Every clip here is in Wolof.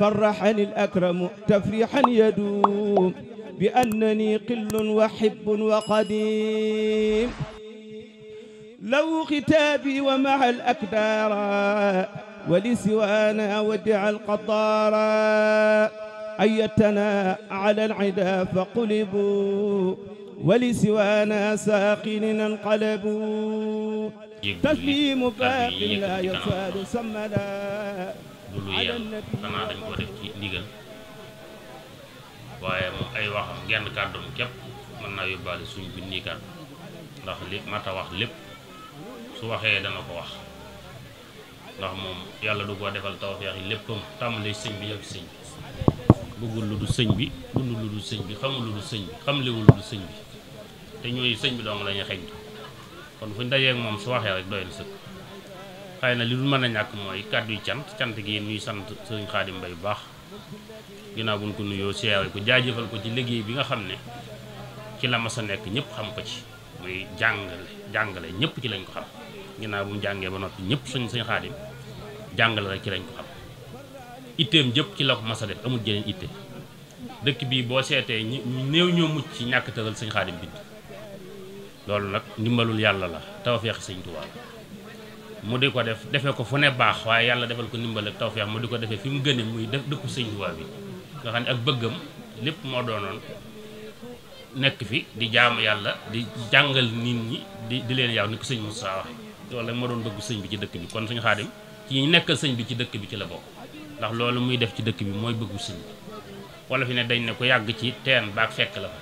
فرحني الأكرم تفريحا يدوم بأنني قل وحب وقديم لو ختابي ومع الأكدار ولسوانا ودع القطار أيتنا على العدا فقلبوا ولسوانا ساقين انقلبوا تسليم باق لا يصال سمدا xanaa dañ ko def ci ndigal waaye moom ay waxam genn kàddoom képp mën naa yóbbaale suñ bindii kàddu ndax li mata wax lépp su waxee dana ko wax ndax moom yàlla du koo defal tawfeex yi léppam tàmmalee sëñ bi yëpp sëñ bi bëggul lu du sëñ bi dund lu du sëñ bi xamul lu du sëñ bi xamlewul lu du sëñ bi te ñooyu sëñ bi dong lañuy ñu xeñtu kon fu ñu dajee moom su waxee rek doy sëkk xëy na li dul mën a ñàkk mooy kàddu cant cant gi ñuy sant sëriñ Xaadim Mbay bu baax ginnaaw bu ñu ko nuyoo siyaare ko jaajëfal ko ci liggéey bi nga xam ne ci la mas a nekk ñëpp xam ko ci muy jàngale jàngale ñëpp ci lañ ko xam ginnaaw bu jàngee ba noppi ñëpp sëñ Xaadim jàngale rek ci lañ ko itteem jëpp ci la ko mas def amul jeneen itte dëkk bii boo seetee ñu néew ñoo mucc ci ñàkk tëral sëñ Xaadim bind loolu nag ndimbalul yàlla la tawfeex sëñ Tuubaa mu di ko def defee ko fu ne baax waaye yàlla defal ko ndimbal ak tawfeex mu di ko defee fi mu gëne muy def dëkku sëñ Tuubaa bi nga xam ne ak bëggam lépp moo doonoon nekk fi di jaamu yàlla di jàngal nit ñi di di leen yaw ni ko sëñ Moussa waxe loolu rek moo doon bëgg sëñ bi ci dëkk bi kon sëñ xaadim ci ñu nekkal sëñ bi ci dëkk bi ci la bokk ndax loolu muy def ci dëkk bi mooy bëggu sëñ bi wala fi ne dañ ne ko yàgg ci teen baak fekk la fa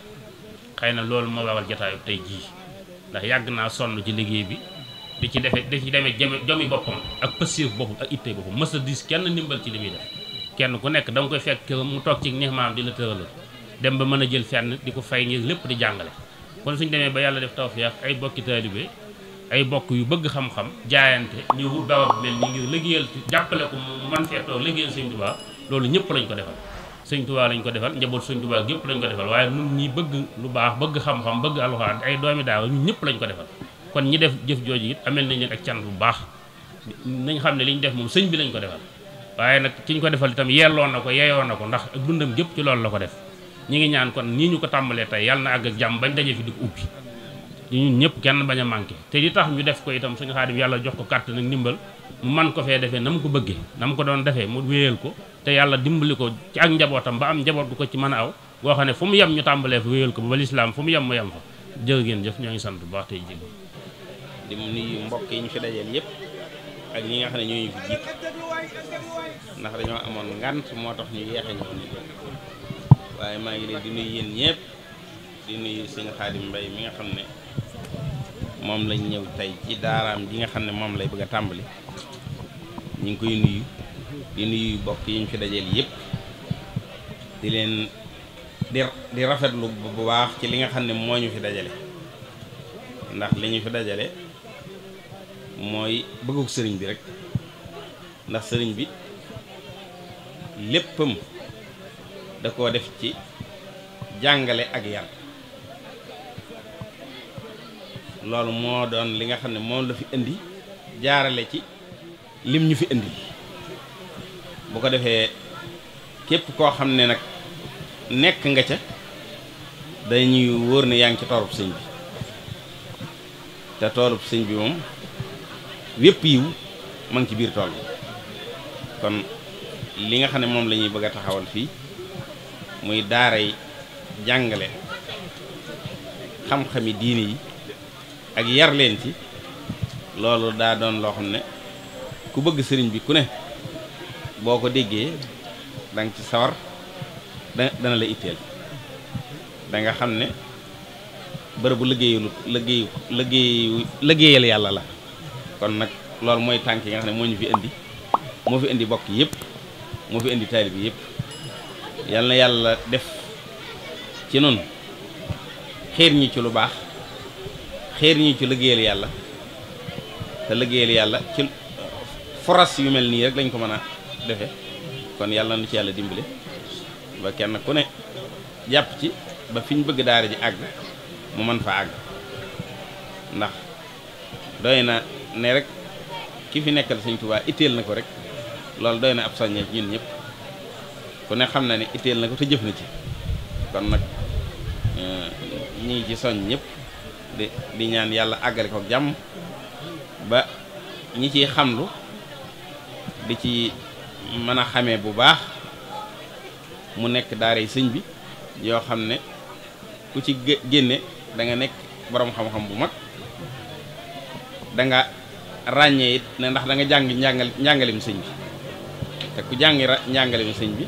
xëy na loolu moo waral tey jii bi di ci defee di ci demee jëme jomi boppam ak pëssif boppam ak ittey boppam mës a diis kenn ndimbal ci li muy def kenn ku nekk da nga koy fekk këram mu toog ci neex maam di la tëralal dem ba mën a jël fenn di ko fay ngir lépp di jàngale kon suñu demee ba yàlla def tawfeex ay bokki taalibe ay bokk yu bëgg xam-xam jaayante ñu wut dawab mel ni ngir liggéeyal jàppale ko mu man fee toog liggéeyal sëñ Tuubaa loolu ñëpp lañ ko defal sëñ Tuubaa lañ ko defal njaboot sëñ Tuubaa yëpp lañ ko defal waaye nun ñi bëgg lu baax bëgg xam-xam bëgg alxuraan ay doomi daaw ñëpp lañ ko defal kon ñi def jëf jooju it amel nañ leen ak can bu baax nañu xam ne li ñu def moom sëñ bi lañ ko defal waaye nag ci ñu ko defal itam yeelloon na ko yeeyoon na ko ndax ak dundam gépp ci loolu la ko def ñi ngi ñaan kon nii ñu ko tàmbalee tey yàlla na àgg ak jàmm bañ daje fi di ubbi ñun ñëpp kenn bañ a manqué te li tax ñu def ko itam suñu xaadim yàlla jox ko carte nag ndimbal mu man ko fee defee na mu ko bëggee na mu ko doon defee mu wéyal ko te yàlla dimbali ko ci ak njabootam ba am njaboot bu ko ci mën a aw goo xam ne fu mu yem ñu tàmbalee fa wéyal ko ba lislaam fu mu yem mu yem fa ngeen jëf ñoo ngi sant bu baax tey di nuyu mbokk yi ñu fi dajeel yëpp ak ñi nga xam ne ñoo ñu fi jiit ndax dañoo amoon ngant moo tax ñu yeexe ñu waaye maa ngi leen di nuyu yéen ñëpp di nuyu sëñ Xaadim Mbay mi nga xam ne moom lañ ñëw tey ci daaraam ji nga xam ne moom lay bëgg a tàmbali ñu ngi koy nuyu di nuyu mbokk yi ñu fi dajeel yëpp di leen di rafet rafetlu bu baax ci li nga xam ne moo ñu fi dajale ndax li ñu fi dajale. mooy bëggug sëriñ bi rek ndax sëriñ bi léppam da koo def ci jàngale ak yar loolu moo doon li nga xam ne moom la fi indi jaarale ci lim ñu fi indi bu ko defee képp koo xam ne nag nekk nga ca dañuy wóor ne yaa ngi ci toolub sëñ bi te toolub sëñ bi moom wépp yiw ma ngi ci biir tool bi kon li nga xam ne moom lañuy bëgg a taxawal fii muy daaray jàngale xam-xami diini yi ak yar leen ci loolu daa doon loo xam ne ku bëgg sëriñ bi ku ne boo ko déggee danga ci sawar dana la itteel danga xam ne bërëbu liggéeyu liggéeyu liggéeyu liggéeyal yàlla la kon nag loolu mooy tànk yi nga xam ne moo ñu fi indi moo fi indi bokk yépp moo fi indi taalib yi yëpp yal na yàlla def ci noonu xeer ñi ci lu baax xeer ñi ci liggéeyal yàlla te liggéeyal yàlla ci foras yu mel nii rek lañ ko mën a defe kon yàlla lu ci yàlla dimbale ba kenn ku ne jàpp ci ba fi ñu bëgg daara ji àgg mu mën fa àgg ndax doy na ne rek ki fi nekkal sëñ Tuubaa itteel na ko rek loolu doy na ab soññee ñun ñëpp ku ne xam na ne itteel na ko te jëf na ci kon nag euh, ñu ci soñ ñëpp di ñaan yàlla àggale ko jàmm ba ñi ciy xamlu di ci mën a xamee bu baax mu nekk daara yi sëñ bi yoo xam ne ku ci génne danga nekk boroom xam-xam bu mag da ràññee it ne ndax da jàng njàngal njàngalim sëñ bi te ku jàngi njàngalim sëñ bi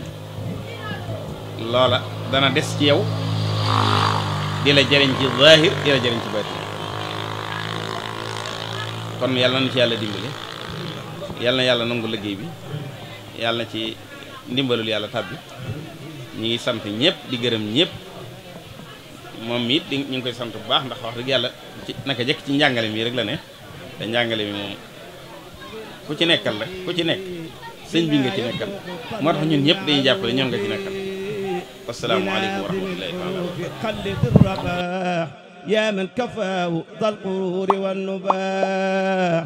loola dana des ci yow di la jëriñ ci zaahir di la jëriñ ci baatin kon yàlla na ci yàlla dimbale yàlla na yàlla nangu liggéey bi yàlla na ci ndimbalul yàlla tàbbi ñu ngi sant ñëpp di gërëm ñëpp moom it di ñu ngi koy sant bu baax ndax wax dëgg yàlla ci naka jëkk ci njàngale mi rek la ne te njàngale mi moom ku ci nekkal rek ku ci nekk sëñ bi nga ci nekkal moo tax ñun ñëpp dañuy jàppale ñoom nga ci nekkal wasalaamualeykum wa rahmatullahi taala يا من كفاه ذا القرور والنباح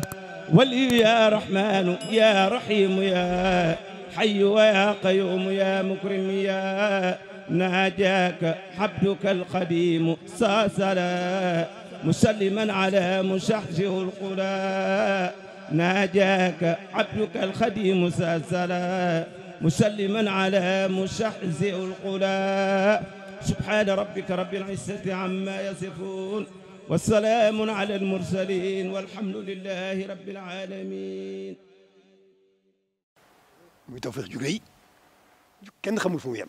ولي يا رحمن يا رحيم يا حي ويا قيوم يا مكرم يا ناجاك حبدك القديم ساسلا مسلما على مشحشه القرى ناجاك عبدك الخديم سلسلا مسلما على مشحزئ القلا سبحان ربك رب العزة عما يصفون والسلام على المرسلين والحمد لله رب العالمين muy Tawfekh jugee yi kenn xamul fu mu yem